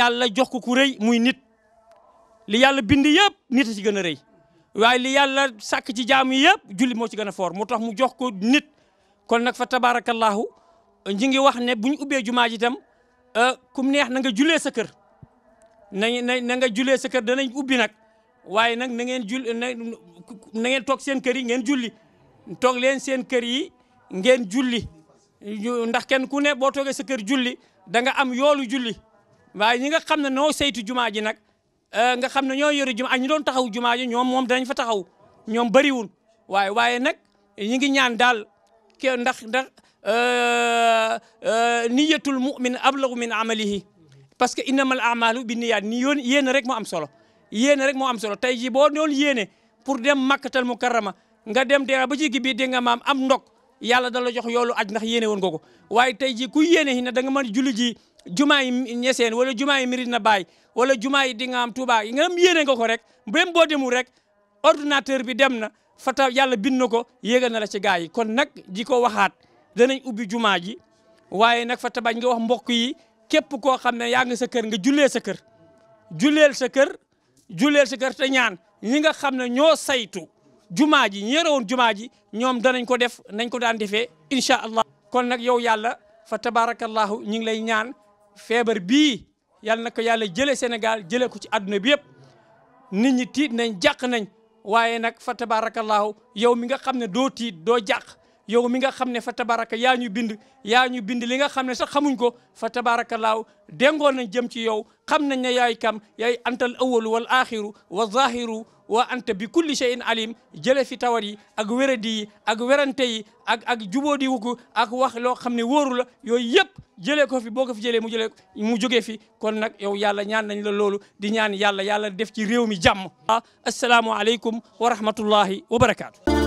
yàlla jox ko ku rëy muy nit li yàlla bind yëpp nit a ci gën a rëy waaye li yàlla sàkk ci jaam yi yëpp julli moo ci gën a foor moo tax mu jox ko nit kon nag fa tabaarakallaahu ñi ngi wax ne bu ñu ubbee jumaa ji itam euh, kum neex na nga julee sa kër nañ na nga julee sa kër danañ ubbi nag waaye nag na ngeen jul ngeen toog seen kër yi ngeen julli toog leen seen kër yi ngeen julli ndax kenn ku ne boo toogee sa kër julli da nga am yoolu julli waaye ñi nga xam ne noo saytu jumaa ji nag euh, nga xam ne ñoo yore jumaa ak ñi doon taxaw jumaa ji ñoom moom danañ fa taxaw ñoom bëriwul waaye waaye nag ñi ngi ñaan daal ke ndax ndax euh, euh, niyatul mumin ablagu min amalihi parce que innamal amalu bi niyaat ni yoon yéene rek moo am solo yéene rek moo am solo tey jii boo doon yéene pour dem makkatal mukarrama nga dem dera ba ci gi bii di nga maam am ndok yàlla da la jox yoolu aj ndax yéene wun nga ko waaye tey jii ku yéene hi ne da nga mën julli ji jumaa yi ñeseen wala jumaa yi na Baye wala jumaa yi di nga am Touba yi nga am yéene nga ko rek même boo demul rek ordinateur bi dem na fata yàlla bind na ko yéegal na la ci gaay yi kon nag di ko waxaat danañ ubbi jumaa ji waaye nag fata bañ nga wax mbokk yi képp koo xam ne yaa sa kër nga jullee sa kër julleel sa kër julleel sa kër ñaan ñi nga xam ne ñoo saytu jumaa ji ñeeroon jumaa ji ñoom danañ ko def nañ ko daan defee incha allah kon nag yow yàlla fa tabarakallahu ñu ngi lay ñaan feebar bii yàlla na ko yàlla jëlee Sénégal jëlee ko ci àdduna bi yëpp nit ñi tiit nañ jàq nañ waaye nag fa tabaarakallaahu yow mi nga xam ne doo tiit doo jàq yow mi nga xam ne fa tabaraka yaa ñu bind yaa ñu bind li nga xam ne sax xamuñ ko fa tabaraka laaw dengoon nañ jëm ci yow xam nañ ne yaay kam yaay antal awalu wal axiru wa zahiru wa anta bi kulli shay'in alim jële fi tawar yi ak wéradi yi ak werante yi ak ak jubóodi wuku ak wax loo xam ne wóoru la yooyu yëpp jëlee ko fi boo ko fi jëlee mu jëlee mu jógee fi kon nag yow yàlla ñaan nañ la loolu di ñaan yàlla yàlla def ci réew mi jàmm. asalaamualeykum wa rahmatullahi wa barakaatu.